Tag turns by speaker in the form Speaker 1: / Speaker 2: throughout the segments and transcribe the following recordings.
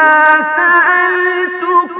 Speaker 1: ما سألتكم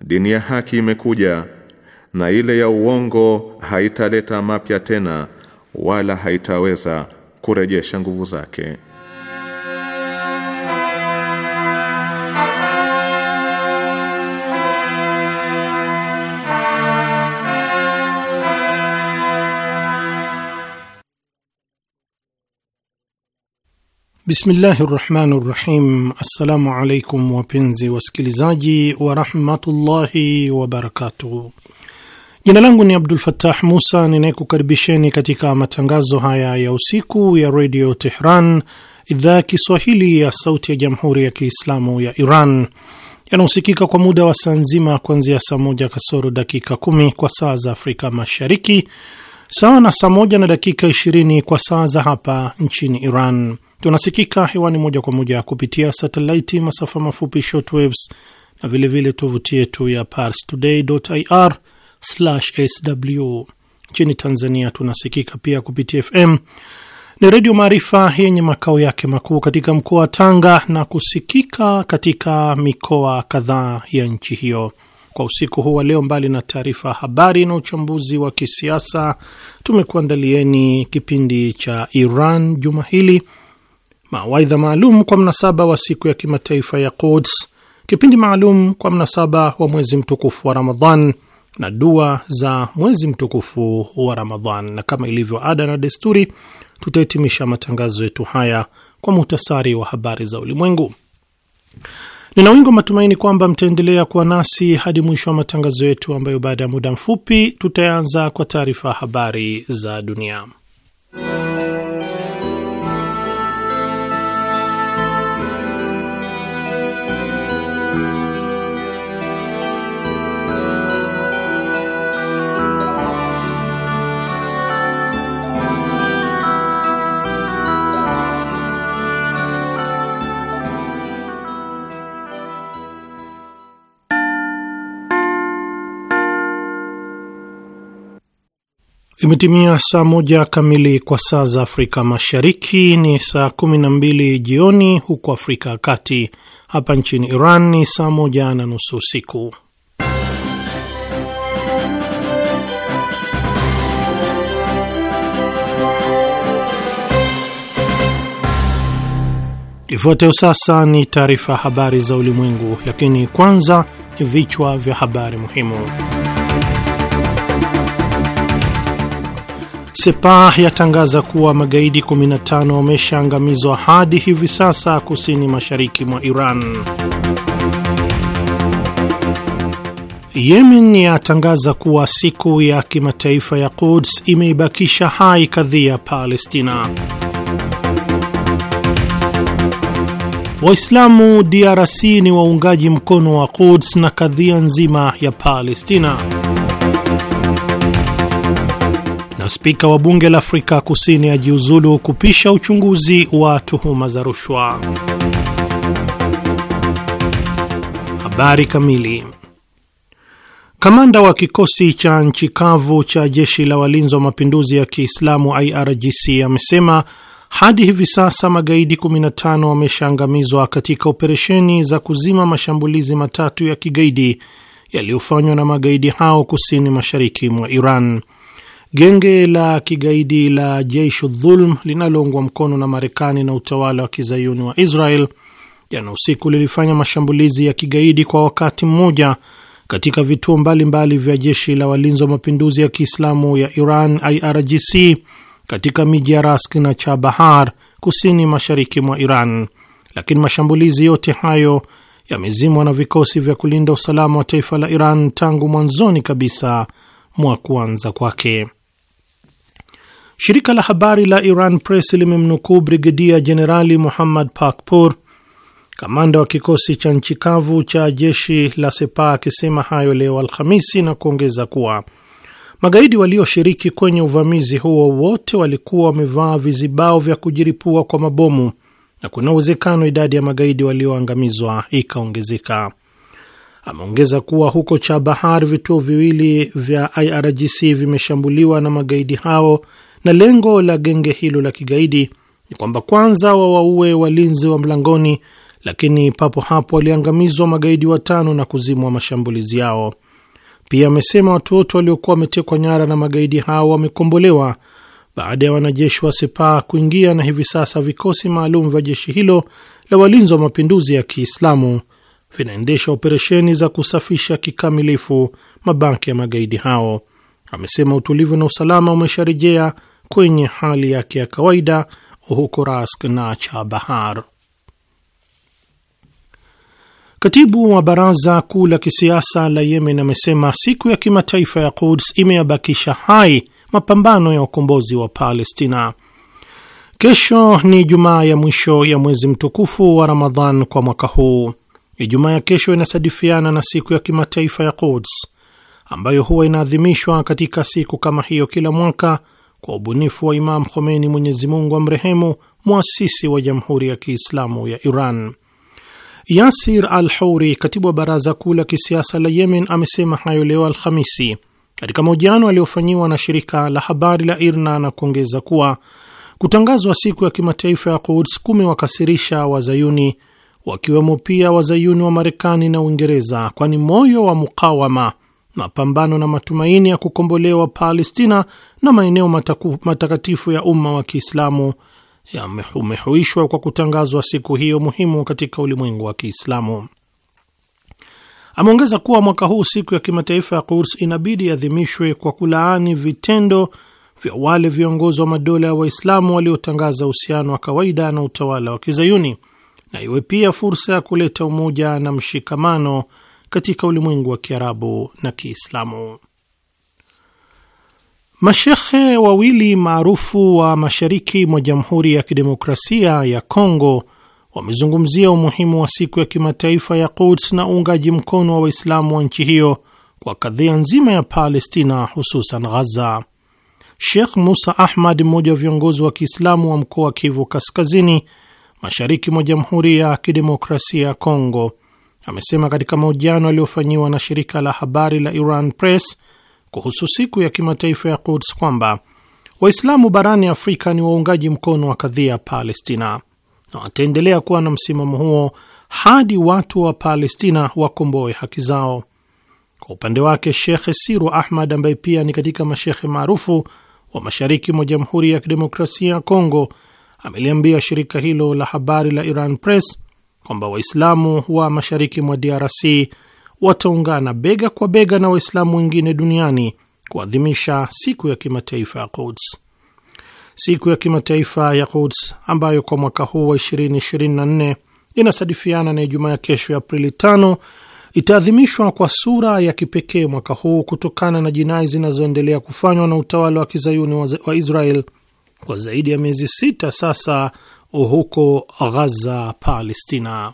Speaker 2: Dini ya haki imekuja na ile ya uongo haitaleta mapya tena wala haitaweza kurejesha nguvu zake.
Speaker 3: Bismillahi rahmani rahim. Assalamu alaikum wapenzi wasikilizaji warahmatullahi wabarakatuh. Jina langu ni Abdul Fattah Musa ninayekukaribisheni katika matangazo haya ya usiku ya redio Tehran, idhaa ya Kiswahili ya sauti ya jamhuri ya Kiislamu ya Iran yanahusikika kwa muda wa saa nzima kuanzia saa moja kasoro dakika kumi kwa saa za Afrika Mashariki, sawa na saa moja na dakika ishirini kwa saa za hapa nchini Iran Tunasikika hewani moja kwa moja kupitia satelaiti, masafa mafupi shortwaves na vilevile tovuti yetu ya pars ir sw. Nchini Tanzania tunasikika pia kupitia FM ni Redio Maarifa yenye makao yake makuu katika mkoa wa Tanga na kusikika katika mikoa kadhaa ya nchi hiyo. Kwa usiku huu wa leo, mbali na taarifa habari na uchambuzi wa kisiasa, tumekuandalieni kipindi cha Iran juma hili mawaidha maalum kwa mnasaba wa siku ya kimataifa ya Quds, kipindi maalum kwa mnasaba wa mwezi mtukufu wa Ramadhan na dua za mwezi mtukufu wa Ramadhan. Na kama ilivyo ada na desturi, tutahitimisha matangazo yetu haya kwa muhtasari wa habari za ulimwengu. Nina wingi wa matumaini kwamba mtaendelea kuwa nasi hadi mwisho wa matangazo yetu, ambayo baada ya muda mfupi tutaanza kwa taarifa habari za dunia. Imetimia saa moja kamili kwa saa za Afrika Mashariki, ni saa kumi na mbili jioni huko Afrika ya Kati. Hapa nchini Iran ni saa moja na nusu usiku. Ifuatayo sasa ni taarifa habari za ulimwengu, lakini kwanza ni vichwa vya habari muhimu. Sepah yatangaza kuwa magaidi 15 wameshaangamizwa hadi hivi sasa kusini mashariki mwa Iran. Yemen yatangaza kuwa siku ya kimataifa ya Quds imeibakisha hai kadhia Palestina. Waislamu DRC ni waungaji mkono wa Quds na kadhia nzima ya Palestina na spika wa bunge la Afrika Kusini ajiuzulu kupisha uchunguzi wa tuhuma za rushwa. Habari kamili. Kamanda wa kikosi cha nchi kavu cha jeshi la walinzi wa mapinduzi ya Kiislamu IRGC amesema hadi hivi sasa magaidi 15 wameshaangamizwa katika operesheni za kuzima mashambulizi matatu ya kigaidi yaliyofanywa na magaidi hao kusini mashariki mwa Iran. Genge la kigaidi la Jeishu Dhulm linaloungwa mkono na Marekani na utawala wa kizayuni wa Israel jana usiku lilifanya mashambulizi ya kigaidi kwa wakati mmoja katika vituo mbalimbali vya jeshi la walinzi wa mapinduzi ya Kiislamu ya Iran, IRGC, katika miji ya Rask na Chabahar kusini mashariki mwa Iran, lakini mashambulizi yote hayo yamezimwa na vikosi vya kulinda usalama wa taifa la Iran tangu mwanzoni kabisa mwa kuanza kwake. Shirika la habari la Iran Press limemnukuu Brigedia Jenerali Muhammad pakpor kamanda wa kikosi cha nchi kavu cha jeshi la sepa akisema hayo leo Alhamisi na kuongeza kuwa magaidi walioshiriki kwenye uvamizi huo wote walikuwa wamevaa vizibao vya kujiripua kwa mabomu na kuna uwezekano idadi ya magaidi walioangamizwa ikaongezeka. Ameongeza kuwa huko Chabahar vituo viwili vya IRGC vimeshambuliwa na magaidi hao na lengo la genge hilo la kigaidi ni kwamba kwanza wawaue walinzi wa mlangoni, lakini papo hapo waliangamizwa magaidi watano na kuzimwa mashambulizi yao. Pia amesema watoto waliokuwa wametekwa nyara na magaidi hao wamekombolewa baada ya wanajeshi wa Sepah kuingia, na hivi sasa vikosi maalum vya jeshi hilo la walinzi wa mapinduzi ya Kiislamu vinaendesha operesheni za kusafisha kikamilifu mabaki ya magaidi hao. Amesema utulivu na usalama umesharejea kwenye hali yake ya kawaida huko Rask na Chabahar. Katibu wa baraza kuu la kisiasa la Yemen amesema siku ya kimataifa ya Quds imeyabakisha hai mapambano ya ukombozi wa Palestina. Kesho ni jumaa ya mwisho ya mwezi mtukufu wa Ramadhan kwa mwaka huu. Ijumaa ya kesho inasadifiana na siku ya kimataifa ya Quds ambayo huwa inaadhimishwa katika siku kama hiyo kila mwaka kwa ubunifu wa Imam Khomeini, Mwenyezi Mungu amrehemu, mwasisi wa Jamhuri ya Kiislamu ya Iran. Yasir Al-Houri, katibu wa baraza kuu la kisiasa la Yemen, amesema hayo leo Alhamisi katika mahojiano aliyofanyiwa na shirika la habari la IRNA na kuongeza kuwa kutangazwa siku ya kimataifa ya Quds kumewakasirisha wazayuni wakiwemo pia wazayuni wa Marekani na Uingereza, kwani moyo wa mukawama mapambano na matumaini ya kukombolewa Palestina na maeneo matakatifu ya umma wa Kiislamu yamehuishwa kwa kutangazwa siku hiyo muhimu katika ulimwengu wa Kiislamu. Ameongeza kuwa mwaka huu siku ya kimataifa ya Quds inabidi iadhimishwe kwa kulaani vitendo vya wale viongozi wa madola ya Waislamu waliotangaza uhusiano wa kawaida na utawala wa Kizayuni, na iwe pia fursa ya kuleta umoja na mshikamano katika ulimwengu wa Kiarabu na Kiislamu. Mashekhe wawili maarufu wa mashariki mwa Jamhuri ya Kidemokrasia ya Kongo wamezungumzia umuhimu wa siku ya kimataifa ya Quds na uungaji mkono wa Waislamu wa nchi hiyo kwa kadhia nzima ya Palestina, hususan Ghaza. Sheikh Musa Ahmad, mmoja wa viongozi wa Kiislamu wa mkoa wa Kivu Kaskazini, mashariki mwa Jamhuri ya Kidemokrasia ya Kongo, amesema katika mahojiano aliyofanyiwa na shirika la habari la Iran Press kuhusu siku ya kimataifa ya Quds kwamba Waislamu barani Afrika ni waungaji mkono wa kadhia Palestina na wataendelea kuwa na msimamo huo hadi watu wa Palestina wakomboe haki zao. Kwa upande wake, Shekhe Siru Ahmad ambaye pia ni katika mashekhe maarufu wa mashariki mwa Jamhuri ya Kidemokrasia ya Kongo ameliambia shirika hilo la habari la Iran Press kwamba Waislamu wa mashariki mwa DRC wataungana bega kwa bega na Waislamu wengine duniani kuadhimisha siku ya kimataifa ya Quds. Siku ya kimataifa ya Quds ambayo kwa mwaka huu wa 2024 inasadifiana na Ijumaa ya kesho ya Aprili 5 itaadhimishwa kwa sura ya kipekee mwaka huu kutokana na jinai zinazoendelea kufanywa na utawala wa kizayuni wa Israel kwa zaidi ya miezi sita sasa huko Ghaza, Palestina.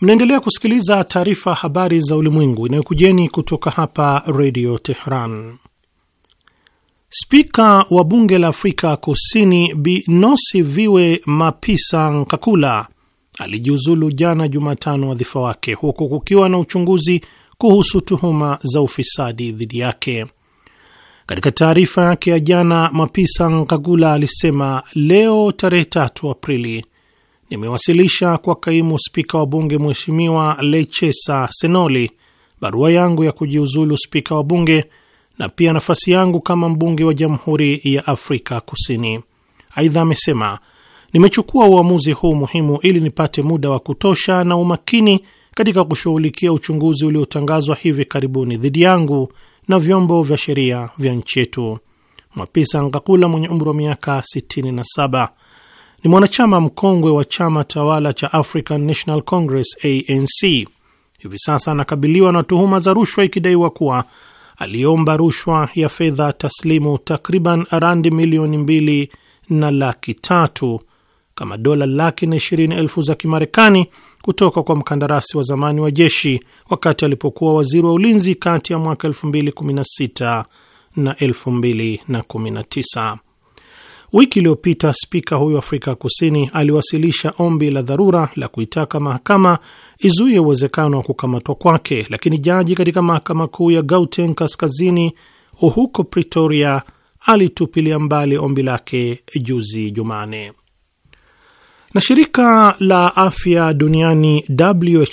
Speaker 3: Mnaendelea kusikiliza taarifa habari za ulimwengu inayokujeni kutoka hapa Redio Tehran. Spika wa bunge la Afrika Kusini Bi Nosiviwe Mapisa Nkakula alijiuzulu jana Jumatano wadhifa wake huku kukiwa na uchunguzi kuhusu tuhuma za ufisadi dhidi yake. Katika taarifa yake ya jana, Mapisa nkagula alisema leo tarehe 3 Aprili nimewasilisha kwa kaimu spika wa bunge Mheshimiwa Lechesa Senoli barua yangu ya kujiuzulu spika wa bunge na pia nafasi yangu kama mbunge wa Jamhuri ya Afrika Kusini. Aidha amesema nimechukua uamuzi huu muhimu ili nipate muda wa kutosha na umakini katika kushughulikia uchunguzi uliotangazwa hivi karibuni dhidi yangu na vyombo vya sheria vya nchi yetu. Mwapisa Ngakula mwenye umri wa miaka 67 ni mwanachama mkongwe wa chama tawala cha African National Congress ANC. Hivi sasa anakabiliwa na tuhuma za rushwa, ikidaiwa kuwa aliomba rushwa ya fedha taslimu takriban randi milioni mbili na laki tatu kama dola laki na ishirini elfu za Kimarekani kutoka kwa mkandarasi wa zamani wa jeshi wakati alipokuwa waziri wa ulinzi kati ya mwaka 2016 na 2019. Wiki iliyopita spika huyo Afrika Kusini aliwasilisha ombi la dharura la kuitaka mahakama izuie uwezekano wa kukamatwa kwake, lakini jaji katika mahakama kuu ya Gauteng kaskazini huko Pretoria alitupilia mbali ombi lake juzi Jumane. Na shirika la afya duniani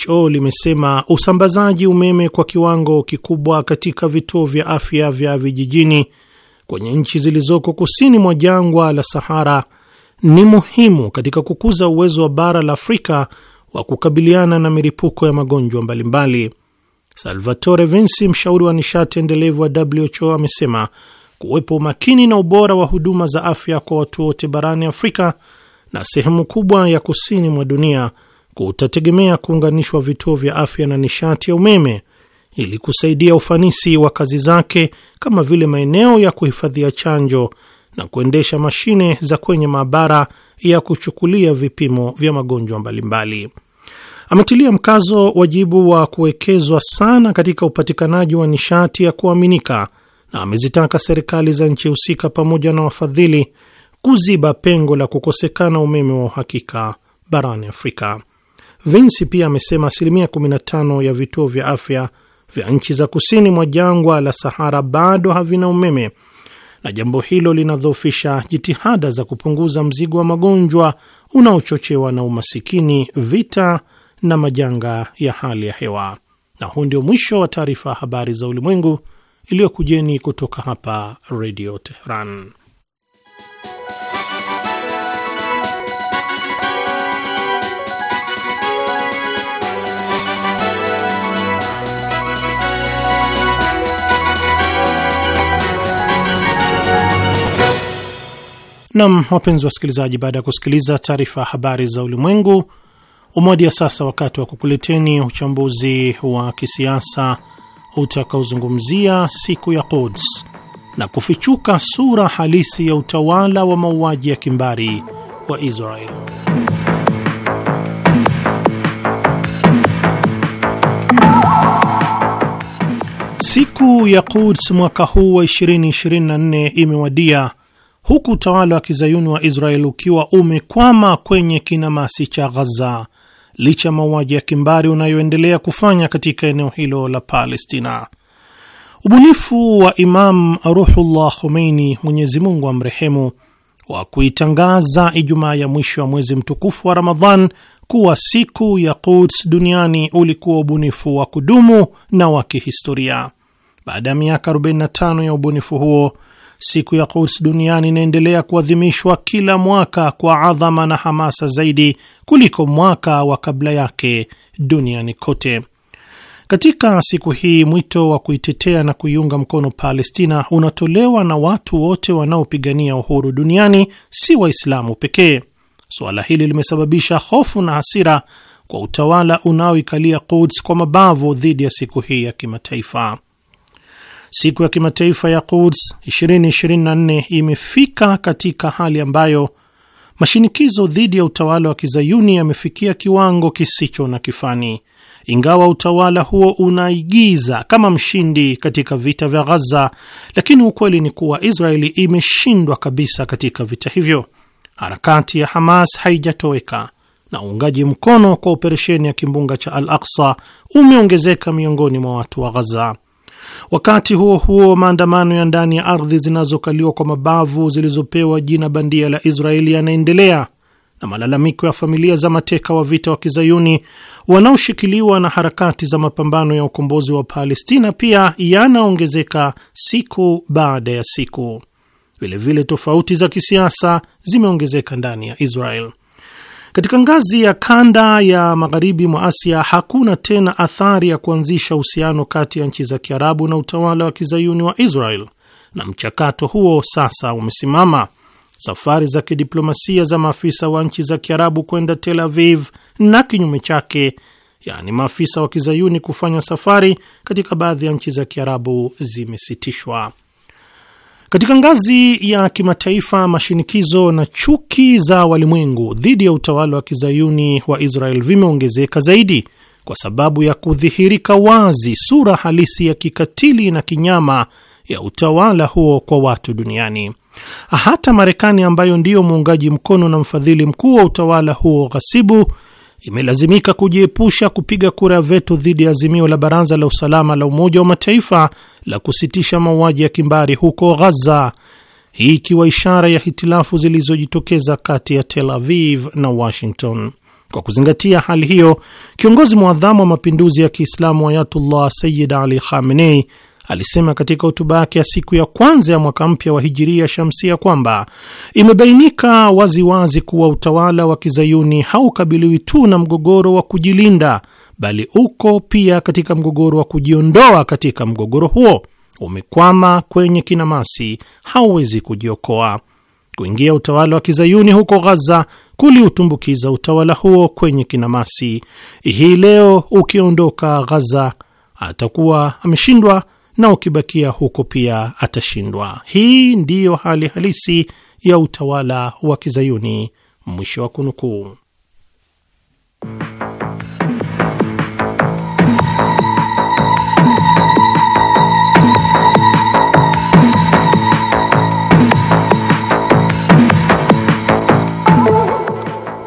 Speaker 3: WHO limesema usambazaji umeme kwa kiwango kikubwa katika vituo vya afya vya vijijini kwenye nchi zilizoko kusini mwa jangwa la Sahara ni muhimu katika kukuza uwezo wa bara la Afrika wa kukabiliana na milipuko ya magonjwa mbalimbali. Salvatore Vinci, mshauri wa nishati endelevu wa WHO, amesema kuwepo umakini na ubora wa huduma za afya kwa watu wote barani Afrika na sehemu kubwa ya kusini mwa dunia kutategemea kuunganishwa vituo vya afya na nishati ya umeme ili kusaidia ufanisi wa kazi zake kama vile maeneo ya kuhifadhia chanjo na kuendesha mashine za kwenye maabara ya kuchukulia vipimo vya magonjwa mbalimbali. Ametilia mkazo wajibu wa kuwekezwa sana katika upatikanaji wa nishati ya kuaminika na amezitaka serikali za nchi husika pamoja na wafadhili kuziba pengo la kukosekana umeme wa uhakika barani Afrika. Vinsi pia amesema asilimia 15 ya vituo vya afya vya nchi za kusini mwa jangwa la Sahara bado havina umeme na jambo hilo linadhoofisha jitihada za kupunguza mzigo wa magonjwa unaochochewa na umasikini, vita na majanga ya hali ya hewa. Na huu ndio mwisho wa taarifa ya habari za ulimwengu iliyokujeni kutoka hapa Radio Tehran. Nam, wapenzi wasikilizaji, baada ya kusikiliza taarifa ya habari za ulimwengu, umoja sasa wakati wa kukuleteni uchambuzi wa kisiasa utakaozungumzia siku ya Quds na kufichuka sura halisi ya utawala wa mauaji ya kimbari wa Israel. Siku ya Quds mwaka huu wa 2024 imewadia huku utawala wa kizayuni wa Israel ukiwa umekwama kwenye kinamasi cha Ghaza licha mauaji ya kimbari unayoendelea kufanya katika eneo hilo la Palestina. Ubunifu wa Imam Ruhullah Khomeini, Mwenyezi Mungu amrehemu, wa kuitangaza Ijumaa ya mwisho wa mwezi mtukufu wa Ramadhan kuwa siku ya Quds duniani ulikuwa ubunifu wa kudumu na wa kihistoria. Baada ya miaka 45 ya ubunifu huo Siku ya Quds duniani inaendelea kuadhimishwa kila mwaka kwa adhama na hamasa zaidi kuliko mwaka wa kabla yake duniani kote. Katika siku hii mwito wa kuitetea na kuiunga mkono Palestina unatolewa na watu wote wanaopigania uhuru duniani, si Waislamu pekee. Suala hili limesababisha hofu na hasira kwa utawala unaoikalia Quds kwa mabavu dhidi ya siku hii ya kimataifa siku ya kimataifa ya Quds 2024 imefika katika hali ambayo mashinikizo dhidi ya utawala wa kizayuni yamefikia kiwango kisicho na kifani. Ingawa utawala huo unaigiza kama mshindi katika vita vya Ghaza, lakini ukweli ni kuwa Israeli imeshindwa kabisa katika vita hivyo. Harakati ya Hamas haijatoweka na uungaji mkono kwa operesheni ya kimbunga cha Al Aksa umeongezeka miongoni mwa watu wa Ghaza. Wakati huo huo, maandamano ya ndani ya ardhi zinazokaliwa kwa mabavu zilizopewa jina bandia la Israeli yanaendelea na malalamiko ya familia za mateka wa vita wa kizayuni wanaoshikiliwa na harakati za mapambano ya ukombozi wa Palestina pia yanaongezeka siku baada ya siku. Vilevile, tofauti za kisiasa zimeongezeka ndani ya Israel. Katika ngazi ya kanda ya magharibi mwa Asia hakuna tena athari ya kuanzisha uhusiano kati ya nchi za Kiarabu na utawala wa kizayuni wa Israel, na mchakato huo sasa umesimama. Safari za kidiplomasia za maafisa wa nchi za Kiarabu kwenda Tel Aviv na kinyume chake, yaani maafisa wa kizayuni kufanya safari katika baadhi ya nchi za Kiarabu zimesitishwa. Katika ngazi ya kimataifa, mashinikizo na chuki za walimwengu dhidi ya utawala wa kizayuni wa Israel vimeongezeka zaidi kwa sababu ya kudhihirika wazi sura halisi ya kikatili na kinyama ya utawala huo kwa watu duniani. Hata Marekani ambayo ndiyo muungaji mkono na mfadhili mkuu wa utawala huo ghasibu imelazimika kujiepusha kupiga kura ya vetu dhidi ya azimio la Baraza la Usalama la Umoja wa Mataifa la kusitisha mauaji ya kimbari huko Ghaza, hii ikiwa ishara ya hitilafu zilizojitokeza kati ya Tel Aviv na Washington. Kwa kuzingatia hali hiyo, kiongozi mwadhamu wa mapinduzi ya Kiislamu Ayatullah Sayyid Ali Khamenei alisema katika hotuba yake ya siku ya kwanza ya mwaka mpya wa hijiria shamsia kwamba imebainika waziwazi kuwa utawala wa kizayuni haukabiliwi tu na mgogoro wa kujilinda, bali uko pia katika mgogoro wa kujiondoa katika mgogoro huo. Umekwama kwenye kinamasi, hauwezi kujiokoa. Kuingia utawala wa kizayuni huko Ghaza kuliutumbukiza utawala huo kwenye kinamasi. Hii leo ukiondoka Ghaza atakuwa ameshindwa na ukibakia huko pia atashindwa. Hii ndiyo hali halisi ya utawala wa Kizayuni. Mwisho wa kunukuu.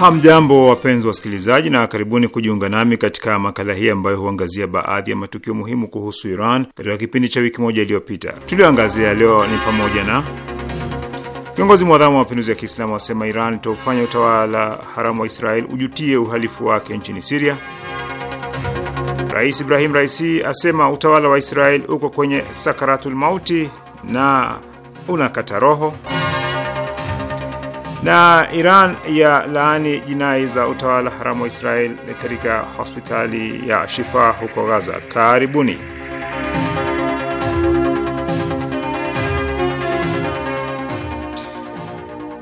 Speaker 4: Hamjambo, wapenzi wa wasikilizaji, na karibuni kujiunga nami katika makala hii ambayo huangazia baadhi ya matukio muhimu kuhusu Iran katika kipindi cha wiki moja iliyopita. Tulioangazia leo ni pamoja na kiongozi mwadhamu wa mapinduzi ya Kiislamu asema Iran itaufanya utawala haramu wa Israel ujutie uhalifu wake nchini Siria. Rais Ibrahim Raisi asema utawala wa Israel uko kwenye sakaratul mauti na unakata roho na Iran ya laani jinai za utawala haramu wa Israel katika hospitali ya Shifa huko Gaza. Karibuni.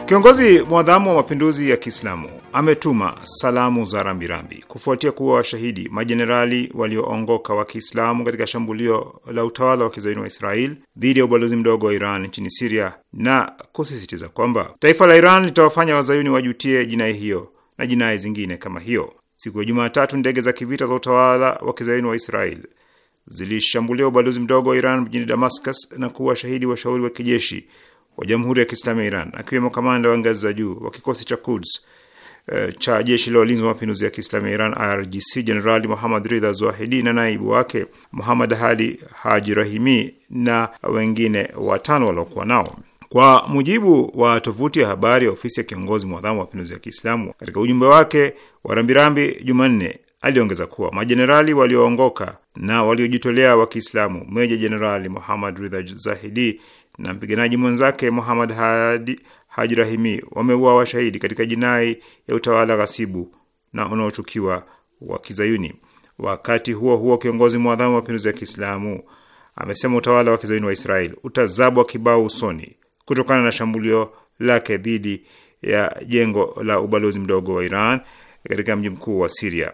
Speaker 4: Kiongozi mwadhamu wa mapinduzi ya Kiislamu ametuma salamu za rambirambi kufuatia kuwa washahidi majenerali walioongoka wa Kiislamu katika shambulio la utawala wa kizayuni wa Israel dhidi ya ubalozi mdogo wa Iran nchini Siria na kusisitiza kwamba taifa la Iran litawafanya wazayuni wajutie jinai hiyo na jinai zingine kama hiyo. Siku ya Jumatatu, ndege za kivita za utawala wa kizayuni wa Israel zilishambulia ubalozi mdogo wa Iran mjini Damascus na kuwa shahidi washauri wa kijeshi wa Jamhuri ya Kiislamu ya Iran, akiwemo kamanda wa ngazi za juu wa kikosi cha Quds Eh, cha jeshi la walinzi wa mapinduzi ya Kiislamu ya Iran IRGC Jenerali Muhamad Ridha Zahidi na naibu wake Muhamad Hadi Haji Rahimi na wengine watano waliokuwa nao. Kwa mujibu wa tovuti ya habari ya ofisi ya kiongozi mwadhamu wa mapinduzi ya Kiislamu, katika ujumbe wake wa rambirambi Jumanne aliongeza kuwa majenerali walioongoka na waliojitolea wa Kiislamu, meja jenerali Muhamad Ridha Zahidi na mpiganaji mwenzake Muhammad Hadi Hajrahimi wameua washahidi katika jinai ya utawala ghasibu na unaochukiwa wa Kizayuni. Wakati huo huo, kiongozi mwadhamu wa mapinduzi ya Kiislamu amesema utawala wa Kizayuni wa israel utazabwa kibao usoni kutokana na shambulio lake dhidi ya jengo la ubalozi mdogo wa Iran katika mji mkuu wa Siria.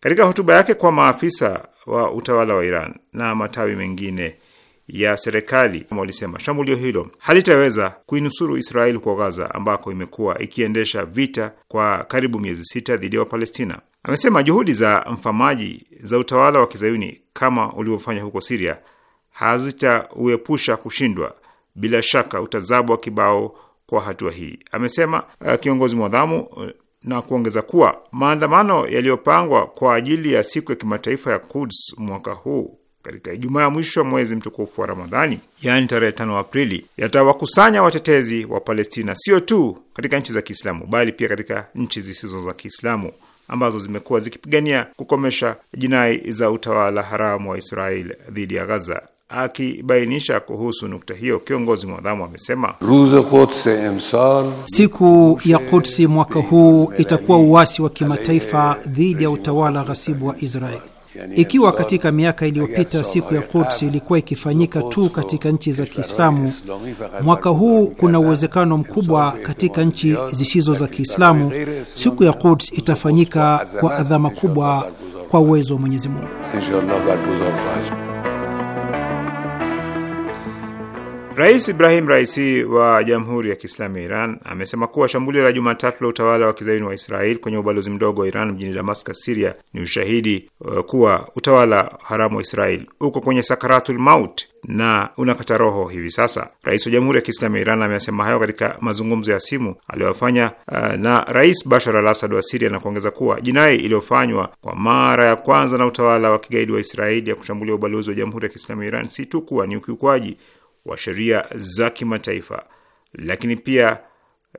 Speaker 4: Katika hotuba yake kwa maafisa wa utawala wa Iran na matawi mengine ya serikali walisema shambulio hilo halitaweza kuinusuru Israeli kwa Gaza ambako imekuwa ikiendesha vita kwa karibu miezi sita dhidi ya Wapalestina. Amesema juhudi za mfamaji za utawala wa kizayuni kama ulivyofanya huko Siria hazitauepusha kushindwa. Bila shaka utazabwa kibao kwa hatua hii, amesema uh, kiongozi mwadhamu uh, na kuongeza kuwa maandamano yaliyopangwa kwa ajili ya siku ya kimataifa ya Quds mwaka huu katika Ijumaa ya mwisho wa mwezi mtukufu wa Ramadhani, yaani tarehe 5 Aprili, yatawakusanya watetezi wa Palestina sio tu katika nchi za Kiislamu bali pia katika nchi zisizo za Kiislamu ambazo zimekuwa zikipigania kukomesha jinai za utawala haramu wa Israel dhidi ya Gaza. Akibainisha kuhusu nukta hiyo, kiongozi mwadhamu amesema
Speaker 5: siku ya Kudsi mwaka huu itakuwa uasi wa kimataifa dhidi ya utawala ghasibu wa Israeli. Ikiwa katika miaka iliyopita siku ya Quds ilikuwa ikifanyika tu katika nchi za Kiislamu, mwaka huu kuna uwezekano mkubwa katika nchi zisizo za Kiislamu siku ya Quds itafanyika kwa adhama kubwa kwa uwezo wa Mwenyezi Mungu.
Speaker 4: Rais Ibrahim Raisi wa Jamhuri ya Kiislamu ya Iran amesema kuwa shambulio la Jumatatu la utawala wa kizayuni wa Israel kwenye ubalozi mdogo wa Iran mjini Damascus, Siria ni ushahidi uh, kuwa utawala haramu wa Israel uko kwenye sakaratul maut na unakata roho hivi sasa. Rais wa Jamhuri ya Kiislamu ya Iran amesema hayo katika mazungumzo ya simu aliyofanya uh, na Rais Bashar al Asad wa Siria na kuongeza kuwa jinai iliyofanywa kwa mara ya kwanza na utawala wa kigaidi wa Israeli ya kushambulia ubalozi wa Jamhuri ya Kiislamu ya Iran si tu kuwa ni ukiukwaji wa sheria za kimataifa, lakini pia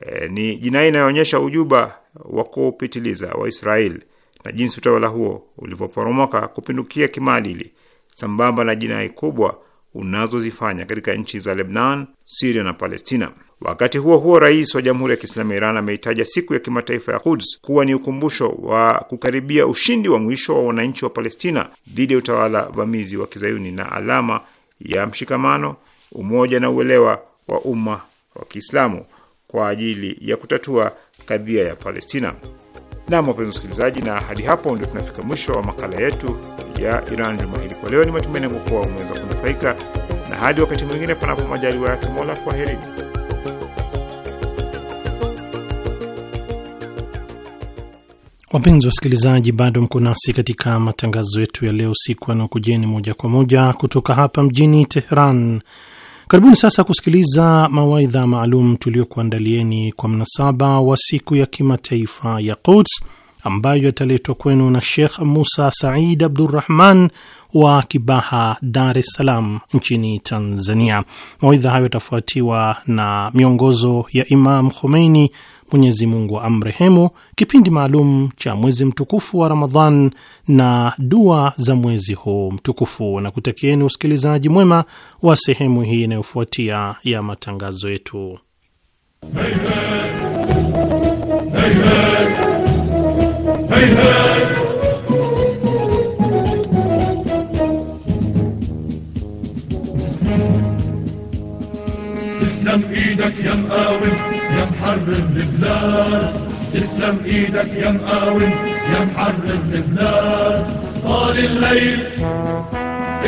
Speaker 4: e, ni jinai inayoonyesha ujuba wa kupitiliza wa Israel na jinsi utawala huo ulivyoporomoka kupindukia kimaadili, sambamba na jinai kubwa unazozifanya katika nchi za Lebanon, Syria na Palestina. Wakati huo huo, rais wa Jamhuri ya Kiislamu ya Iran ameitaja siku ya kimataifa ya Quds kuwa ni ukumbusho wa kukaribia ushindi wa mwisho wa wananchi wa Palestina dhidi ya utawala vamizi wa Kizayuni na alama ya mshikamano umoja na uelewa wa umma wa Kiislamu kwa ajili ya kutatua kadhia ya Palestina. Nam, wapenzi wasikilizaji, na hadi hapo ndio tunafika mwisho wa makala yetu ya Iran juma hili kwa leo. Ni matumaini yangu kuwa umeweza kunufaika, na hadi wakati mwingine, panapo majaliwa yake Mola, kwaherini.
Speaker 3: Wapenzi wasikilizaji, bado mko nasi katika matangazo yetu ya leo usiku, anaokujeni moja kwa moja kutoka hapa mjini Teheran, Karibuni sasa kusikiliza mawaidha maalum tuliyokuandalieni kwa mnasaba wa siku ya kimataifa ya Quds ambayo yataletwa kwenu na Shekh Musa Said Abdurrahman wa Kibaha, Dar es Salaam nchini Tanzania. Mawaidha hayo yatafuatiwa na miongozo ya Imam Khomeini Mwenyezi Mungu amrehemu, kipindi maalum cha mwezi mtukufu wa Ramadhan na dua za mwezi huu mtukufu, na kutakieni usikilizaji mwema wa sehemu hii inayofuatia ya matangazo yetu.
Speaker 1: تسلم ايدك يا مقاوم يا محرر البلاد تسلم ايدك يا مقاوم يا محرر البلاد طال الليل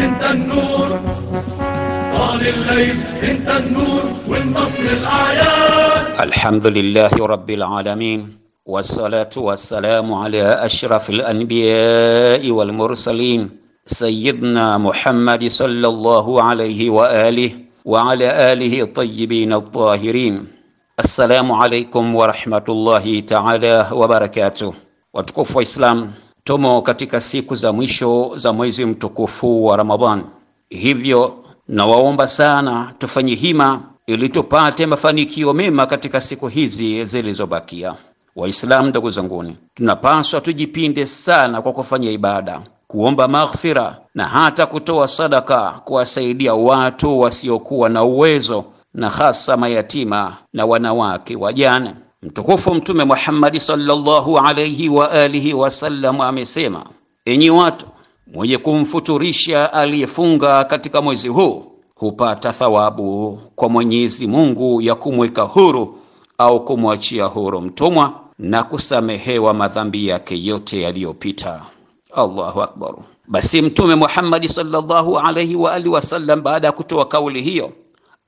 Speaker 1: انت النور طال الليل انت النور والنصر الاعيان
Speaker 6: الحمد لله رب العالمين والصلاة والسلام على أشرف الأنبياء والمرسلين سيدنا محمد صلى الله عليه وآله وعلى آله الطيبين الطاهرين. Assalamu alaikum warahmatullahi taala wabarakatuh. Watukufu wa Islam, tumo katika siku za mwisho za mwezi mtukufu wa Ramadhan, hivyo nawaomba sana tufanye hima ili tupate mafanikio mema katika siku hizi zilizobakia. Waislamu ndugu zanguni, tunapaswa tujipinde sana kwa kufanya ibada kuomba maghfira na hata kutoa sadaka kuwasaidia watu wasiokuwa na uwezo na hasa mayatima na wanawake wajane. Mtukufu Mtume Muhammadi sallallahu alayhi wa alihi wasallam amesema, enyi watu, mwenye kumfuturisha aliyefunga katika mwezi huu hupata thawabu kwa Mwenyezi Mungu ya kumweka huru au kumwachia huru mtumwa na kusamehewa madhambi yake yote yaliyopita. Allahu akbar. Basi Mtume Muhammad sallallahu alayhi wa alihi wasallam, baada ya kutoa kauli hiyo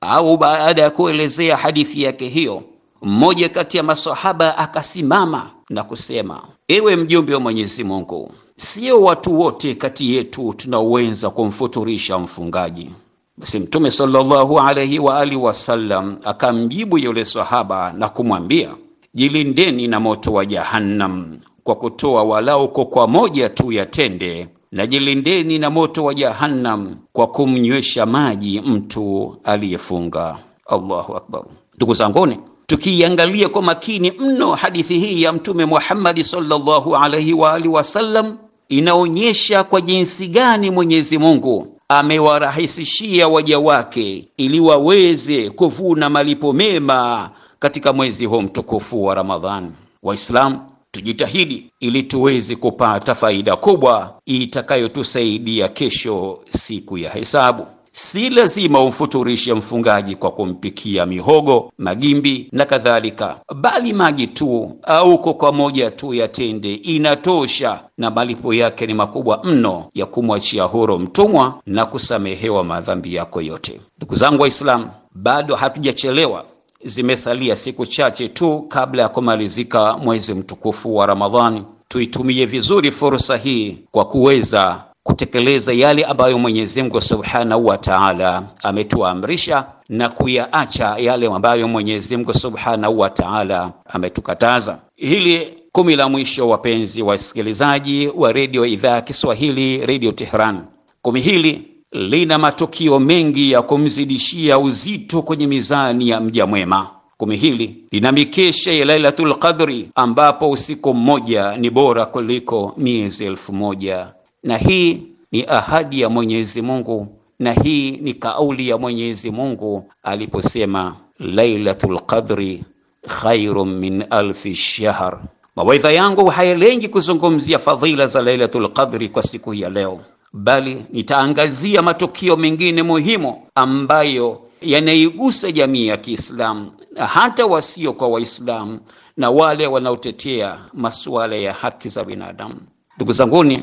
Speaker 6: au baada ya kuelezea hadithi yake hiyo, mmoja kati ya masahaba akasimama na kusema, ewe mjumbe wa Mwenyezi Mungu, sio watu wote kati yetu tunaweza kumfuturisha mfungaji. Basi Mtume sallallahu alayhi wa alihi wasallam akamjibu yule sahaba na kumwambia, jilindeni na moto wa Jahannam kwa kutoa walau kokwa moja tu ya tende, na jilindeni na moto wa Jahannam kwa kumnywesha maji mtu aliyefunga. Allahu akbar! Ndugu zanguni, tukiiangalia kwa makini mno hadithi hii ya Mtume Muhammad sallallahu alaihi wa alihi wasallam inaonyesha kwa jinsi gani Mwenyezi Mungu amewarahisishia waja wake ili waweze kuvuna malipo mema katika mwezi huu mtukufu wa Ramadhani. Waislamu tujitahidi ili tuweze kupata faida kubwa itakayotusaidia kesho, siku ya hesabu. Si lazima umfuturishe mfungaji kwa kumpikia mihogo, magimbi na kadhalika, bali maji tu au kwa moja tu ya tende inatosha, na malipo yake ni makubwa mno ya kumwachia huru mtumwa na kusamehewa madhambi yako yote. Ndugu zangu Waislamu, bado hatujachelewa. Zimesalia siku chache tu kabla ya kumalizika mwezi mtukufu wa Ramadhani. Tuitumie vizuri fursa hii kwa kuweza kutekeleza yale ambayo Mwenyezi Mungu Subhanahu wa Ta'ala ametuamrisha na kuyaacha yale ambayo Mwenyezi Mungu Subhanahu wa Ta'ala ametukataza. Hili kumi la mwisho, wapenzi wasikilizaji wa redio idhaa ya Kiswahili, Radio Tehran, kumi hili lina matukio mengi ya kumzidishia uzito kwenye mizani ya mja mwema. Kumi hili lina mikesha ya Lailatul Qadri, ambapo usiku mmoja ni bora kuliko miezi elfu moja. Na hii ni ahadi ya Mwenyezi Mungu, na hii ni kauli ya Mwenyezi Mungu aliposema Lailatul Qadri khairun min alfi shahr. Mawaidha yangu hayalengi kuzungumzia fadhila za Lailatul Qadri kwa siku ya leo bali nitaangazia matukio mengine muhimu ambayo yanaigusa jamii ya Kiislamu na hata wasio kwa Waislamu na wale wanaotetea masuala ya haki za binadamu. Ndugu zanguni,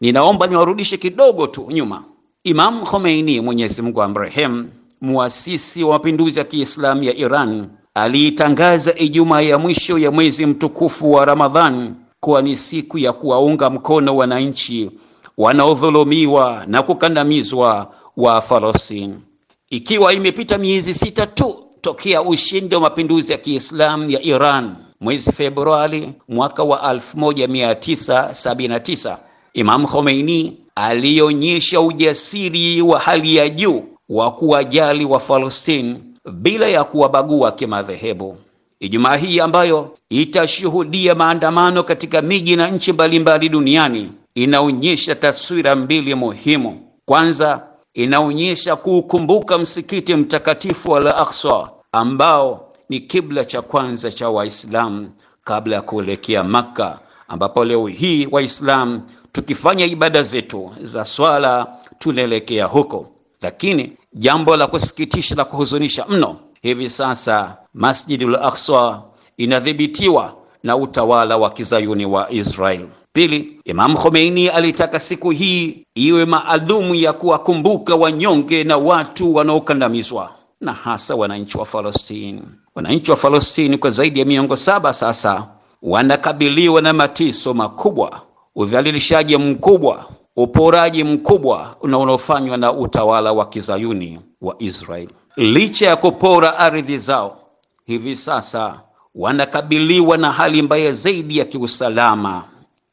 Speaker 6: ninaomba niwarudishe kidogo tu nyuma. Imam Khomeini, Mwenyezi Mungu amrehemu, muasisi wa mapinduzi ya Kiislamu ya Iran, aliitangaza Ijumaa ya mwisho ya mwezi mtukufu wa Ramadhani kuwa ni siku ya kuwaunga mkono wananchi wanaodhulumiwa na kukandamizwa wa Falastin. Ikiwa imepita miezi sita tu tokea ushindi wa mapinduzi ya Kiislamu ya Iran mwezi Februari mwaka wa 1979, Imam Khomeini alionyesha ujasiri wa hali ya juu wa kuwajali wa Falastin bila ya kuwabagua kimadhehebu. Ijumaa hii ambayo itashuhudia maandamano katika miji na nchi mbalimbali duniani inaonyesha taswira mbili muhimu. Kwanza, inaonyesha kuukumbuka msikiti mtakatifu wa Al-Aqsa ambao ni kibla cha kwanza cha Waislamu kabla ya kuelekea Makka, ambapo leo hii Waislamu tukifanya ibada zetu za swala tunaelekea huko. Lakini jambo la kusikitisha la kuhuzunisha mno, hivi sasa Masjidul Aqsa inadhibitiwa na utawala wa kizayuni wa Israeli. Pili, Imam Khomeini alitaka siku hii iwe maalumu ya kuwakumbuka wanyonge na watu wanaokandamizwa na hasa wananchi wa Falastini. Wananchi wa Falastini kwa zaidi ya miongo saba sasa wanakabiliwa na matiso makubwa, udhalilishaji mkubwa, uporaji mkubwa na unaofanywa na utawala wa kizayuni wa Israeli. Licha ya kupora ardhi zao, hivi sasa wanakabiliwa na hali mbaya zaidi ya kiusalama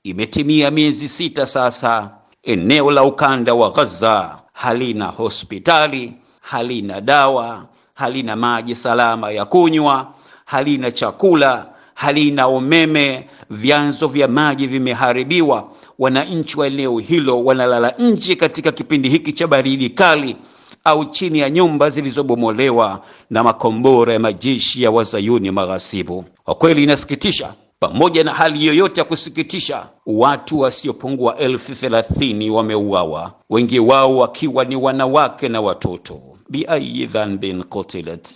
Speaker 6: Imetimia miezi sita sasa, eneo la ukanda wa Gaza halina hospitali, halina dawa, halina maji salama ya kunywa, halina chakula, halina umeme, vyanzo vya maji vimeharibiwa. Wananchi wa eneo hilo wanalala nje katika kipindi hiki cha baridi kali au chini ya nyumba zilizobomolewa na makombora ya majeshi ya wazayuni maghasibu. Kwa kweli inasikitisha pamoja na hali yoyote ya kusikitisha, watu wasiopungua elfu thelathini wameuawa, wengi wao wakiwa ni wanawake na watoto. biayi dhanbin qutilat,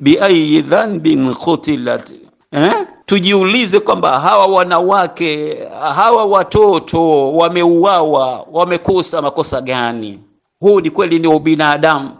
Speaker 6: biayi dhanbin qutilat. Eh? Tujiulize kwamba hawa wanawake hawa watoto wameuawa, wamekosa makosa gani? Huu ni kweli ni ubinadamu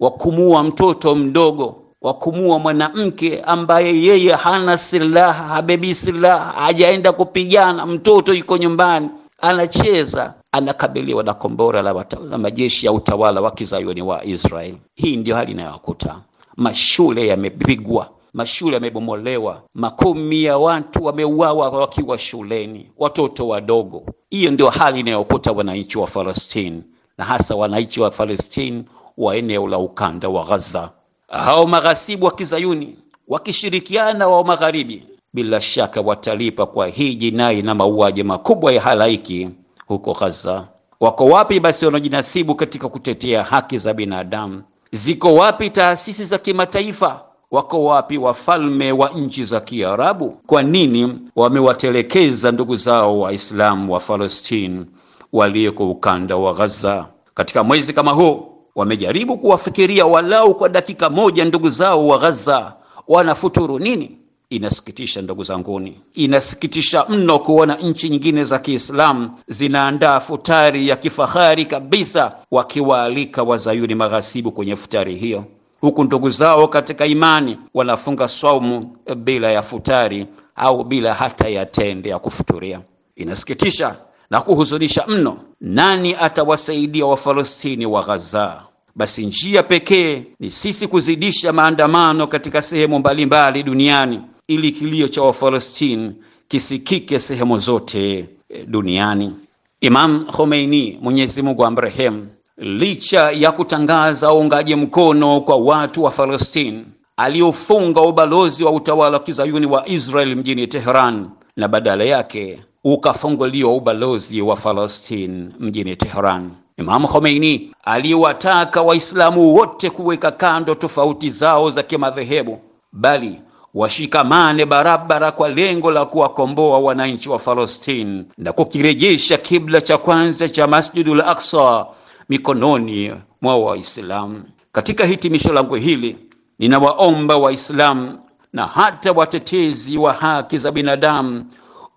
Speaker 6: wa kumua mtoto mdogo wa kumua mwanamke ambaye yeye hana silaha, habebi silaha, hajaenda kupigana, mtoto yuko nyumbani anacheza, anakabiliwa na kombora la, la majeshi ya utawala wa kizayoni wa Israel. Hii ndio hali inayokuta. Mashule yamepigwa, mashule yamebomolewa, makumi ya watu wameuawa wakiwa shuleni, watoto wadogo. Hiyo ndio hali inayokuta wananchi wa Palestina na hasa wananchi wa Palestina wa eneo la ukanda wa Gaza hao maghasibu wa kizayuni wakishirikiana wao magharibi, bila shaka watalipa kwa hii jinai na mauaji makubwa ya halaiki huko Gaza. Wako wapi basi wanaojinasibu katika kutetea haki za binadamu? Ziko wapi taasisi za kimataifa? Wako wapi wafalme wa nchi za Kiarabu? Kwa nini wamewatelekeza ndugu zao Waislamu wa Palestine walioko ukanda wa Gaza? Katika mwezi kama huu wamejaribu kuwafikiria walau kwa dakika moja ndugu zao wa Gaza wanafuturu nini? Inasikitisha ndugu zanguni, inasikitisha mno kuona nchi nyingine za Kiislamu zinaandaa futari ya kifahari kabisa, wakiwaalika wazayuni maghasibu kwenye futari hiyo, huku ndugu zao katika imani wanafunga swaumu bila ya futari au bila hata ya tende ya kufuturia. Inasikitisha na kuhuzunisha mno. Nani atawasaidia Wafalastini wa Gaza? Basi njia pekee ni sisi kuzidisha maandamano katika sehemu mbalimbali duniani ili kilio cha wafalestini kisikike sehemu zote e, duniani. Imam Khomeini, Mwenyezi Mungu amrehemu, licha ya kutangaza uungaji mkono kwa watu wa Falastini, aliofunga ubalozi wa utawala wa kizayuni wa Israeli mjini Tehran na badala yake ukafunguliwa ubalozi wa Palestina mjini Tehran. Imamu Khomeini aliwataka Waislamu wote kuweka kando tofauti zao za kimadhehebu, bali washikamane barabara kwa lengo la kuwakomboa wananchi wa Palestina na kukirejesha kibla cha kwanza cha Masjidul Aqsa mikononi mwa Waislamu. Katika hitimisho langu hili, ninawaomba Waislamu na hata watetezi wa haki za binadamu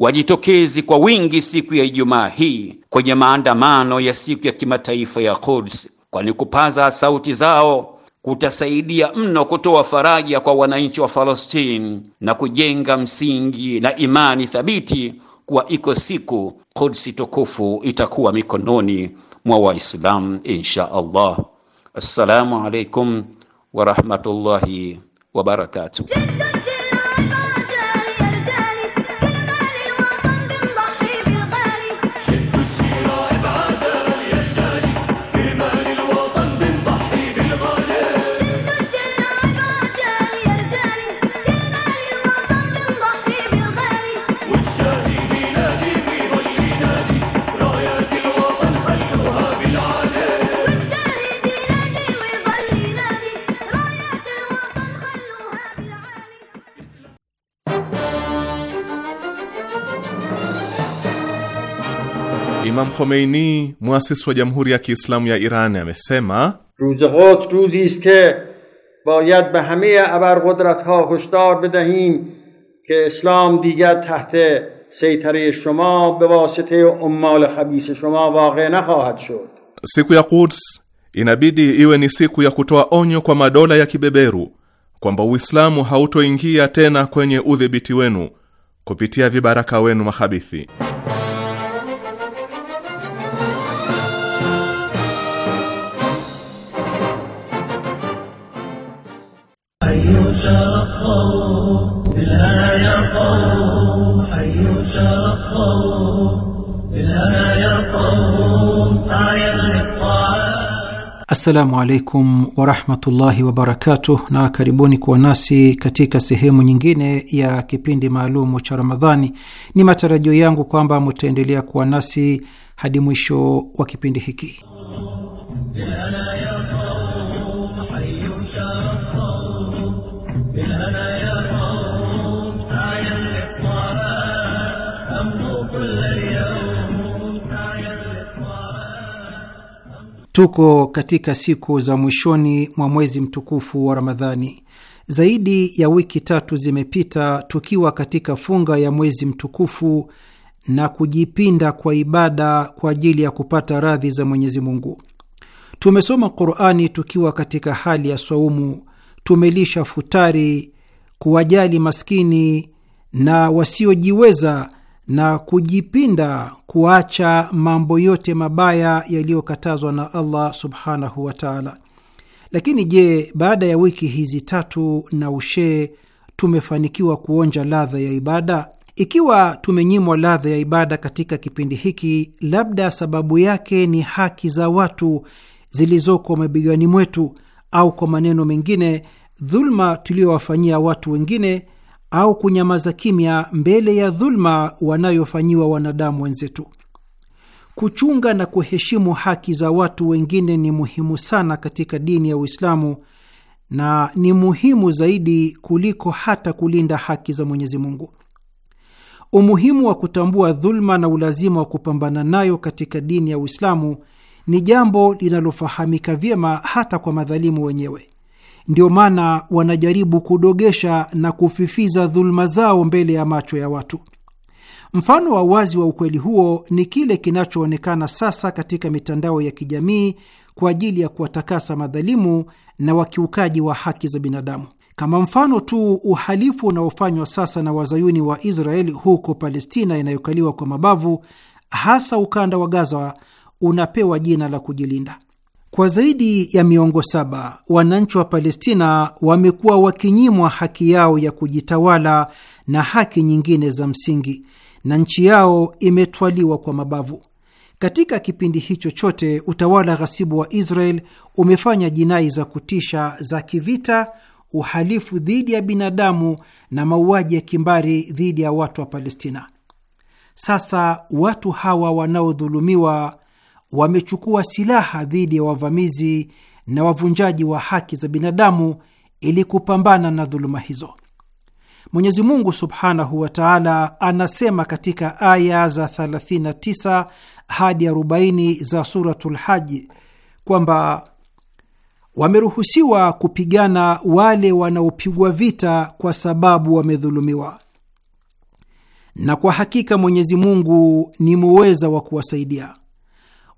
Speaker 6: wajitokezi kwa wingi siku ya Ijumaa hii kwenye maandamano ya siku ya kimataifa ya Quds, kwani kupaza sauti zao kutasaidia mno kutoa faraja kwa wananchi wa Palestine na kujenga msingi na imani thabiti kuwa iko siku Quds tukufu itakuwa mikononi mwa Waislamu insha Allah. Assalamu alaikum wa rahmatullahi wa barakatuh.
Speaker 2: Imam Khomeini, mwasisi wa Jamhuri ya Kiislamu ya Iran, amesema
Speaker 3: ruze Quds ruzist ke bayad be hame ha hushdar bedahim ke islam digar tahte seitare
Speaker 5: shoma be vasite ummal khabis shoma vaqe nakhahad shod.
Speaker 2: Siku ya Quds inabidi iwe ni siku ya kutoa onyo kwa madola ya kibeberu kwamba Uislamu hautoingia tena kwenye udhibiti wenu kupitia vibaraka wenu mahabithi.
Speaker 5: Assalamu alaikum warahmatullahi wabarakatuh, na karibuni kuwa nasi katika sehemu nyingine ya kipindi maalumu cha Ramadhani. Ni matarajio yangu kwamba mutaendelea kuwa nasi hadi mwisho wa kipindi hiki. Tuko katika siku za mwishoni mwa mwezi mtukufu wa Ramadhani. Zaidi ya wiki tatu zimepita tukiwa katika funga ya mwezi mtukufu na kujipinda kwa ibada kwa ajili ya kupata radhi za Mwenyezi Mungu. Tumesoma Qur'ani tukiwa katika hali ya saumu, tumelisha futari, kuwajali maskini na wasiojiweza na kujipinda kuacha mambo yote mabaya yaliyokatazwa na Allah subhanahu wa taala. Lakini je, baada ya wiki hizi tatu na ushee tumefanikiwa kuonja ladha ya ibada? Ikiwa tumenyimwa ladha ya ibada katika kipindi hiki, labda sababu yake ni haki za watu zilizoko mabigani mwetu, au kwa maneno mengine, dhuluma tuliyowafanyia watu wengine au kunyamaza kimya mbele ya dhuluma wanayofanyiwa wanadamu wenzetu. Kuchunga na kuheshimu haki za watu wengine ni muhimu sana katika dini ya Uislamu na ni muhimu zaidi kuliko hata kulinda haki za Mwenyezi Mungu. Umuhimu wa kutambua dhuluma na ulazima wa kupambana nayo katika dini ya Uislamu ni jambo linalofahamika vyema hata kwa madhalimu wenyewe ndio maana wanajaribu kudogesha na kufifiza dhuluma zao mbele ya macho ya watu. Mfano wa wazi wa ukweli huo ni kile kinachoonekana sasa katika mitandao ya kijamii kwa ajili ya kuwatakasa madhalimu na wakiukaji wa haki za binadamu. Kama mfano tu, uhalifu unaofanywa sasa na wazayuni wa Israeli huko Palestina inayokaliwa kwa mabavu, hasa ukanda wa Gaza, unapewa jina la kujilinda. Kwa zaidi ya miongo saba wananchi wa Palestina wamekuwa wakinyimwa haki yao ya kujitawala na haki nyingine za msingi, na nchi yao imetwaliwa kwa mabavu. Katika kipindi hicho chote, utawala ghasibu wa Israel umefanya jinai za kutisha za kivita, uhalifu dhidi ya binadamu na mauaji ya kimbari dhidi ya watu wa Palestina. Sasa watu hawa wanaodhulumiwa wamechukua silaha dhidi ya wavamizi na wavunjaji wa haki za binadamu ili kupambana na dhuluma hizo. Mwenyezi Mungu subhanahu wa taala anasema katika aya za 39 hadi 40 za Suratul Haji kwamba wameruhusiwa kupigana wale wanaopigwa vita kwa sababu wamedhulumiwa, na kwa hakika Mwenyezi Mungu ni muweza wa kuwasaidia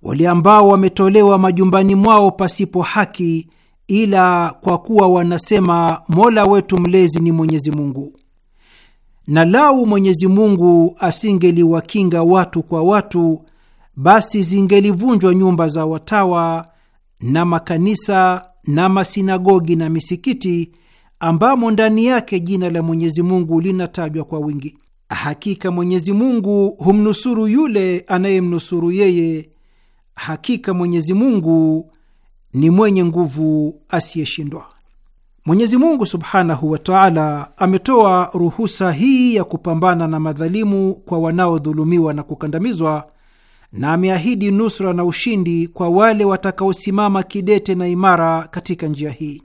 Speaker 5: wale ambao wametolewa majumbani mwao pasipo haki, ila kwa kuwa wanasema Mola wetu mlezi ni Mwenyezi Mungu. Na lau Mwenyezi Mungu asingeliwakinga watu kwa watu, basi zingelivunjwa nyumba za watawa na makanisa na masinagogi na misikiti ambamo ndani yake jina la Mwenyezi Mungu linatajwa kwa wingi. Hakika Mwenyezi Mungu humnusuru yule anayemnusuru yeye Hakika Mwenyezi Mungu ni mwenye nguvu asiyeshindwa. Mwenyezi Mungu subhanahu wa taala ametoa ruhusa hii ya kupambana na madhalimu kwa wanaodhulumiwa na kukandamizwa, na ameahidi nusra na ushindi kwa wale watakaosimama kidete na imara katika njia hii.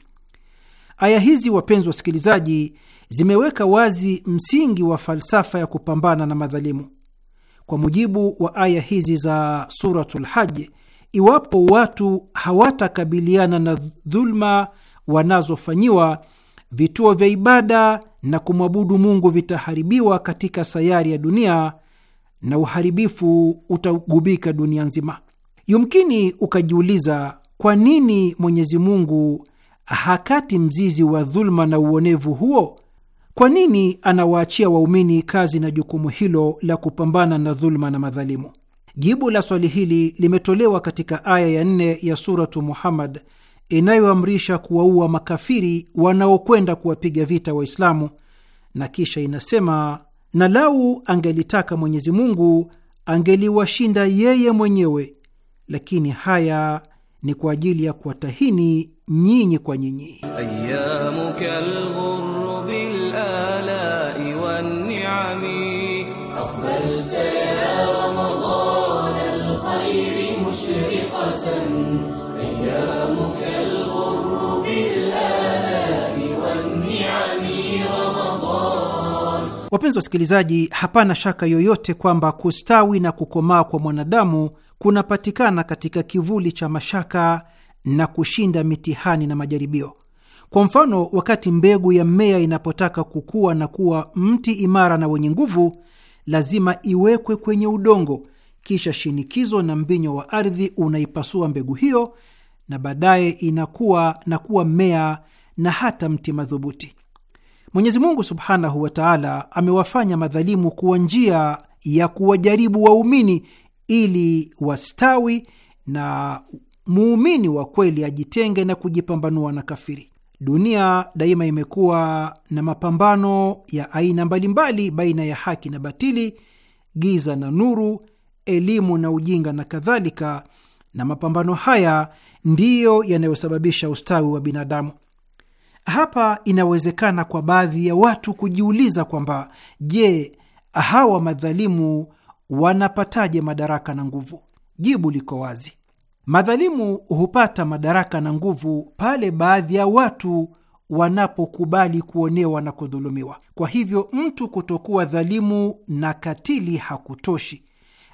Speaker 5: Aya hizi, wapenzi wasikilizaji, zimeweka wazi msingi wa falsafa ya kupambana na madhalimu. Kwa mujibu wa aya hizi za Suratul haj iwapo watu hawatakabiliana na dhulma wanazofanyiwa, vituo vya ibada na kumwabudu Mungu vitaharibiwa katika sayari ya dunia na uharibifu utagubika dunia nzima. Yumkini ukajiuliza kwa nini Mwenyezi Mungu hakati mzizi wa dhulma na uonevu huo kwa nini anawaachia waumini kazi na jukumu hilo la kupambana na dhuluma na madhalimu? Jibu la swali hili limetolewa katika aya ya nne ya Suratu Muhammad inayoamrisha kuwaua makafiri wanaokwenda kuwapiga vita Waislamu, na kisha inasema, na lau angelitaka Mwenyezi Mungu angeliwashinda yeye mwenyewe, lakini haya ni kwa ajili ya kuwatahini nyinyi kwa nyinyi. Wapenzi wasikilizaji, hapana shaka yoyote kwamba kustawi na kukomaa kwa mwanadamu kunapatikana katika kivuli cha mashaka na kushinda mitihani na majaribio. Kwa mfano, wakati mbegu ya mmea inapotaka kukua na kuwa mti imara na wenye nguvu, lazima iwekwe kwenye udongo, kisha shinikizo na mbinyo wa ardhi unaipasua mbegu hiyo, na baadaye inakuwa na kuwa mmea na hata mti madhubuti. Mwenyezi Mungu subhanahu wa taala amewafanya madhalimu kuwa njia ya kuwajaribu waumini ili wastawi na muumini wa kweli ajitenge na kujipambanua na kafiri. Dunia daima imekuwa na mapambano ya aina mbalimbali baina ya haki na batili, giza na nuru, elimu na ujinga na kadhalika, na mapambano haya ndiyo yanayosababisha ustawi wa binadamu. Hapa inawezekana kwa baadhi ya watu kujiuliza kwamba je, hawa madhalimu wanapataje madaraka na nguvu? Jibu liko wazi. Madhalimu hupata madaraka na nguvu pale baadhi ya watu wanapokubali kuonewa na kudhulumiwa. Kwa hivyo, mtu kutokuwa dhalimu na katili hakutoshi,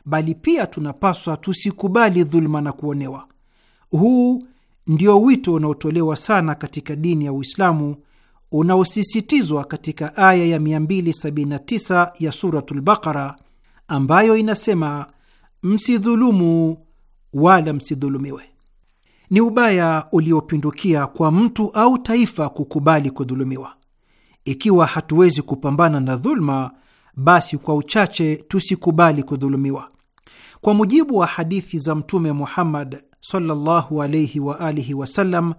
Speaker 5: bali pia tunapaswa tusikubali dhuluma na kuonewa. Huu ndio wito unaotolewa sana katika dini ya Uislamu unaosisitizwa katika aya ya 279 ya Suratul Baqara ambayo inasema, msidhulumu wala msidhulumiwe. Ni ubaya uliopindukia kwa mtu au taifa kukubali kudhulumiwa. Ikiwa hatuwezi kupambana na dhuluma, basi kwa uchache tusikubali kudhulumiwa. Kwa mujibu wa hadithi za Mtume Muhammad sallallahu alayhi wa alihi wasallam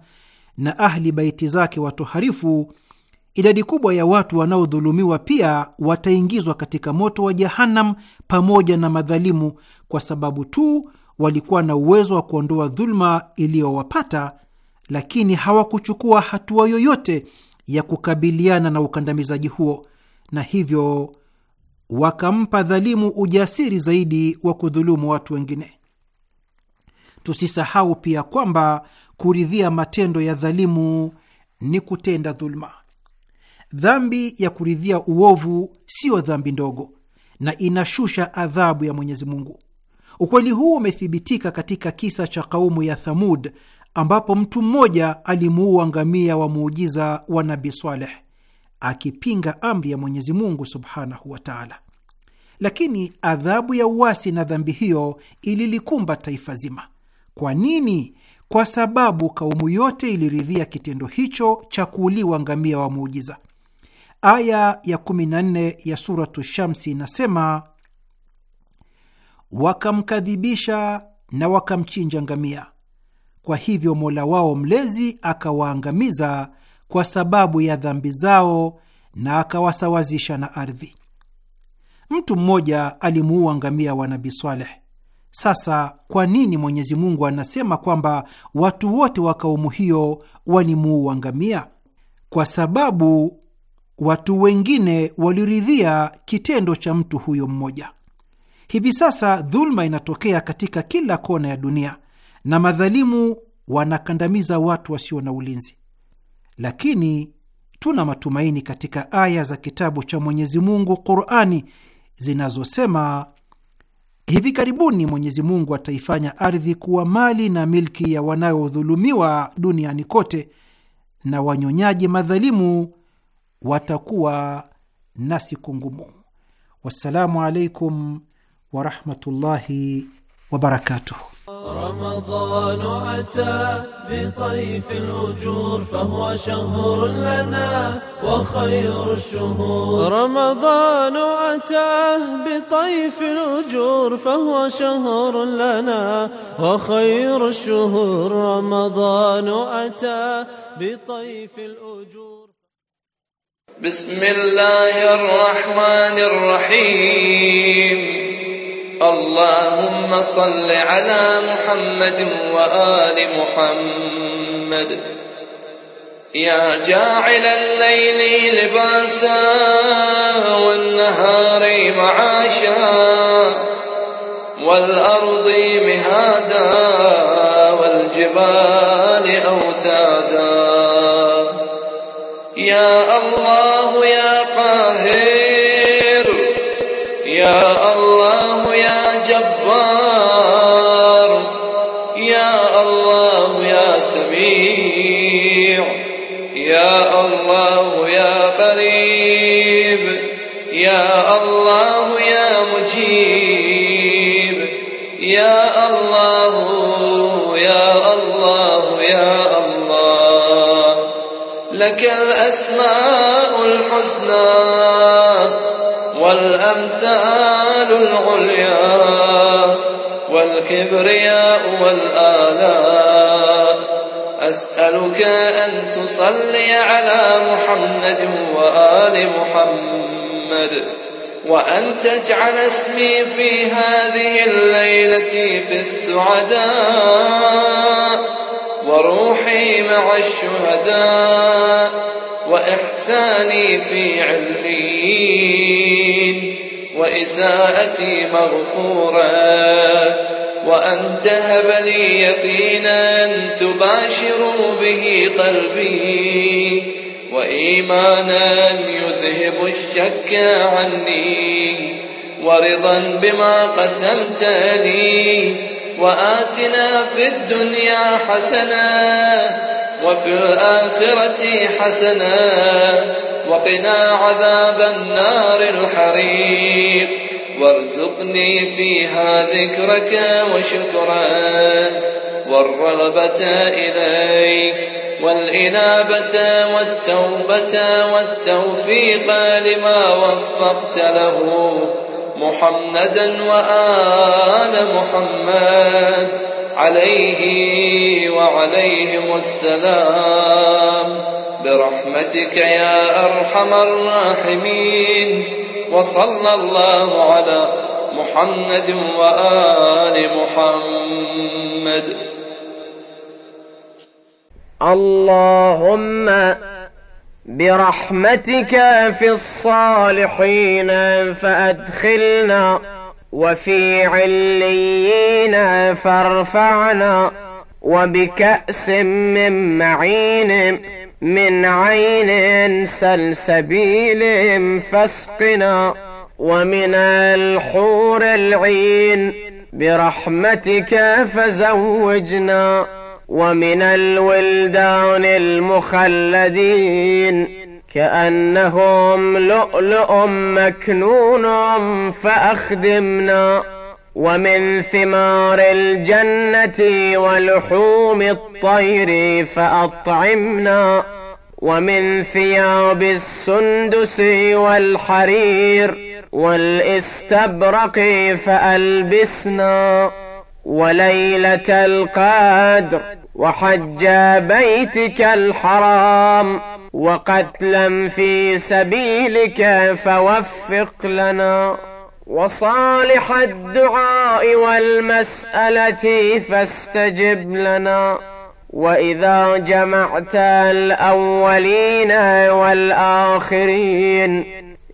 Speaker 5: na ahli baiti zake watoharifu, idadi kubwa ya watu wanaodhulumiwa pia wataingizwa katika moto wa Jahannam pamoja na madhalimu, kwa sababu tu walikuwa na uwezo wa kuondoa dhuluma iliyowapata, lakini hawakuchukua hatua yoyote ya kukabiliana na ukandamizaji huo, na hivyo wakampa dhalimu ujasiri zaidi wa kudhulumu watu wengine. Tusisahau pia kwamba kuridhia matendo ya dhalimu ni kutenda dhuluma. Dhambi ya kuridhia uovu siyo dhambi ndogo na inashusha adhabu ya Mwenyezi Mungu. Ukweli huu umethibitika katika kisa cha kaumu ya Thamud ambapo mtu mmoja alimuua ngamia wa muujiza wa Nabi Saleh akipinga amri ya Mwenyezi Mungu subhanahu wa taala, lakini adhabu ya uasi na dhambi hiyo ililikumba taifa zima. Kwa nini? Kwa sababu kaumu yote iliridhia kitendo hicho cha kuuliwa ngamia wa muujiza. Aya ya 14 ya Suratu Shamsi inasema wakamkadhibisha na wakamchinja ngamia, kwa hivyo Mola wao mlezi akawaangamiza kwa sababu ya dhambi zao na akawasawazisha na ardhi. Mtu mmoja alimuua ngamia wa Nabi Swaleh. Sasa kwa nini Mwenyezi Mungu anasema kwamba watu wote wa kaumu hiyo walimuua ngamia? Kwa sababu watu wengine waliridhia kitendo cha mtu huyo mmoja. Hivi sasa dhuluma inatokea katika kila kona ya dunia na madhalimu wanakandamiza watu wasio na ulinzi, lakini tuna matumaini katika aya za kitabu cha Mwenyezi Mungu Qurani zinazosema Hivi karibuni Mwenyezi Mungu ataifanya ardhi kuwa mali na milki ya wanaodhulumiwa duniani kote, na wanyonyaji madhalimu watakuwa na siku ngumu. Wassalamu alaikum warahmatullahi wabarakatuh.
Speaker 7: رمضان أتى بطيف الأجور فهو شهر لنا
Speaker 8: وخير الشهور
Speaker 7: رمضان أتى بطيف الأجور فهو شهر لنا وخير الشهور رمضان أتى بطيف
Speaker 1: الأجور
Speaker 7: بسم الله الرحمن الرحيم اللهم صل على محمد وآل محمد يا جاعل الليل لباسا والنهار معاشا
Speaker 8: والأرض مهادا والجبال أوتادا
Speaker 7: يا الله لك الأسماء الحسنى والأمثال العليا والكبرياء والآلاء أسألك أن تصلي على محمد وآل محمد وأن تجعل اسمي في هذه الليلة في السعداء وروحي مع الشهداء وإحساني في عليين وإساءتي مغفورا وأن تهب لي يقينا تباشر به قلبي وإيمانا يذهب الشك عني ورضا بما قسمت لي وآتنا في الدنيا حسنة وفي الآخرة حسنة وقنا عذاب النار الحريق وارزقني فيها ذكرك وشكرك والرغبة إليك والإنابة والتوبة والتوفيق لما وفقت له محمدا وآل محمد عليه وعليهم السلام برحمتك يا أرحم الراحمين وصلى الله على محمد وآل محمد
Speaker 9: اللهم برحمتك في الصالحين فأدخلنا وفي عليين فارفعنا وبكأس من معين من عين سلسبيل فاسقنا ومن الحور العين برحمتك فزوجنا ومن الولدان المخلدين كأنهم لؤلؤ مكنون فأخدمنا ومن ثمار الجنة ولحوم الطير فأطعمنا ومن ثياب السندس والحرير والإستبرق فألبسنا وليلة القدر وحج بيتك الحرام وقتلا في سبيلك فوفق لنا وصالح الدعاء والمسألة فاستجب لنا وإذا جمعت الأولين والآخرين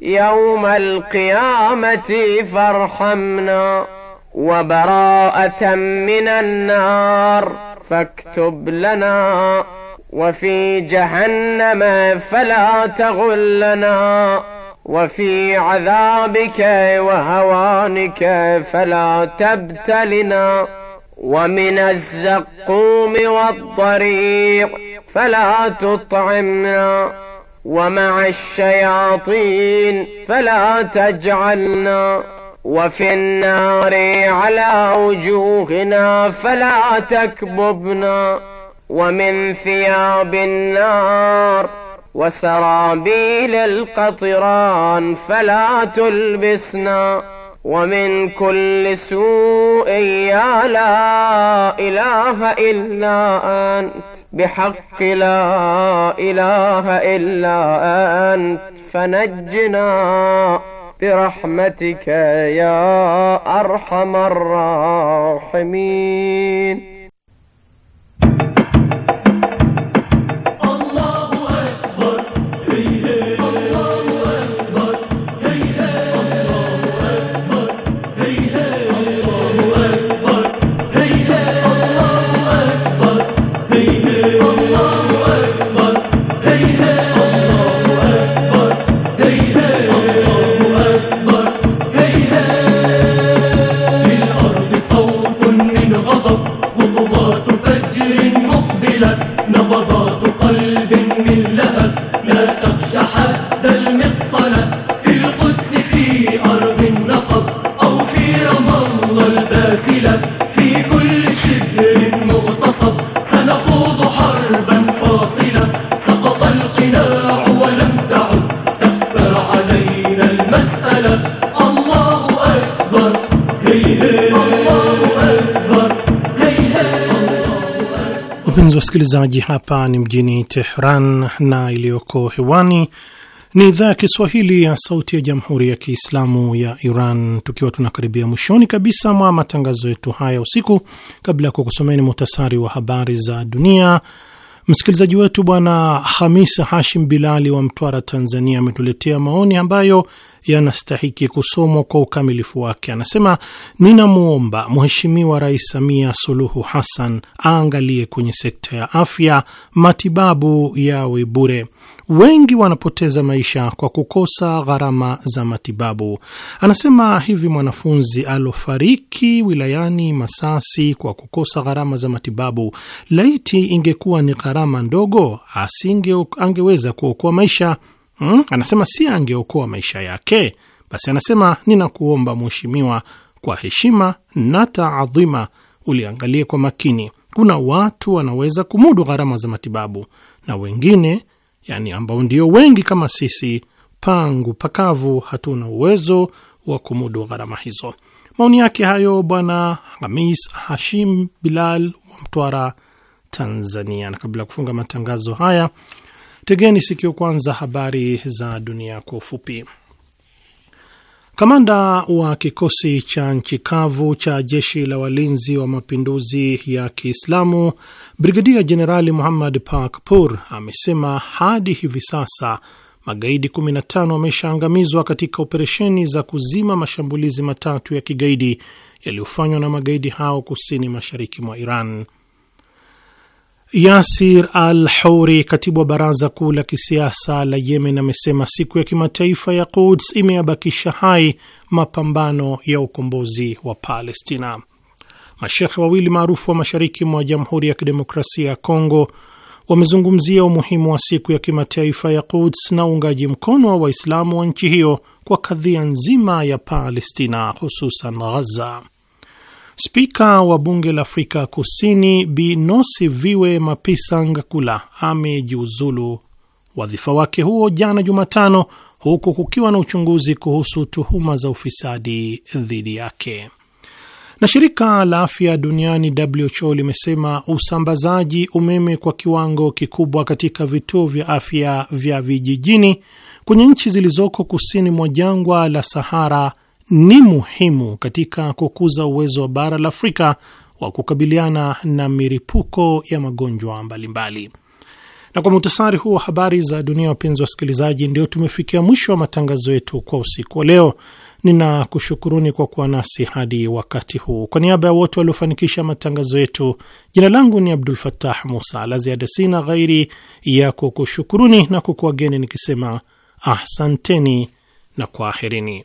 Speaker 9: يوم القيامة فارحمنا وبراءة من النار فاكتب لنا وفي جهنم فلا تغلنا وفي عذابك وهوانك فلا تبتلنا ومن الزقوم والضريع فلا تطعمنا ومع الشياطين فلا تجعلنا وفي النار على وجوهنا فلا تكببنا ومن ثياب النار وسرابيل القطران فلا تلبسنا ومن كل سوء يا لا إله إلا أنت بحق لا إله إلا أنت فنجنا برحمتك يا أرحم الراحمين
Speaker 8: پہلے دے
Speaker 3: msikilizaji, hapa ni mjini Tehran na iliyoko hewani ni idhaa ya Kiswahili ya Sauti ya Jamhuri ya Kiislamu ya Iran, tukiwa tunakaribia mwishoni kabisa mwa matangazo yetu haya usiku. Kabla ya kukusomeni muhtasari wa habari za dunia Msikilizaji wetu Bwana Hamisa Hashim Bilali wa Mtwara, Tanzania, ametuletea maoni ambayo yanastahiki kusomwa kwa ukamilifu wake. Anasema, ninamwomba Mheshimiwa Rais Samia Suluhu Hassan aangalie kwenye sekta ya afya, matibabu yawe bure wengi wanapoteza maisha kwa kukosa gharama za matibabu. Anasema hivi mwanafunzi alofariki wilayani Masasi kwa kukosa gharama za matibabu, laiti ingekuwa ni gharama ndogo, asinge angeweza kuokoa maisha hmm? Anasema si angeokoa maisha yake. Basi anasema ninakuomba mheshimiwa, kwa heshima na taadhima, uliangalie kwa makini. Kuna watu wanaweza kumudu gharama za matibabu na wengine yani ambao ndio wengi kama sisi pangu pakavu, hatuna uwezo wa kumudu gharama hizo. Maoni yake hayo Bwana Hamis Hashim Bilal wa Mtwara, Tanzania. Na kabla ya kufunga matangazo haya, tegeni sikio kwanza habari za dunia kwa ufupi. Kamanda wa kikosi cha nchi kavu cha jeshi la walinzi wa mapinduzi ya Kiislamu Brigadia Jenerali Muhammad Pakpur amesema hadi hivi sasa magaidi 15 wameshaangamizwa katika operesheni za kuzima mashambulizi matatu ya kigaidi yaliyofanywa na magaidi hao kusini mashariki mwa Iran. Yasir Al Houri, katibu wa baraza kuu la kisiasa la Yemen, amesema siku ya kimataifa ya Quds imeyabakisha hai mapambano ya ukombozi wa Palestina. Mashekhe wawili maarufu wa mashariki mwa Jamhuri ya Kidemokrasia ya Kongo wamezungumzia umuhimu wa siku ya kimataifa ya Quds na uungaji mkono wa Waislamu wa nchi hiyo kwa kadhia nzima ya Palestina, hususan Ghaza. Spika wa bunge la Afrika Kusini Bi Nosiviwe Mapisa-Ngakula amejiuzulu wadhifa wake huo jana Jumatano, huku kukiwa na uchunguzi kuhusu tuhuma za ufisadi dhidi yake. Na shirika la afya duniani WHO limesema usambazaji umeme kwa kiwango kikubwa katika vituo vya afya vya vijijini kwenye nchi zilizoko kusini mwa jangwa la Sahara ni muhimu katika kukuza uwezo wa bara la Afrika wa kukabiliana na miripuko ya magonjwa mbalimbali. Na kwa muhtasari huu wa habari za dunia, wapenzi wa wasikilizaji, ndio tumefikia mwisho wa matangazo yetu kwa usiku wa leo ninakushukuruni kwa kuwa nasi hadi wakati huu. Kwa niaba ya wote waliofanikisha matangazo yetu, jina langu ni Abdul Fattah Musa. La ziada sina ghairi ya kukushukuruni na kukuageni nikisema ahsanteni na kwaherini.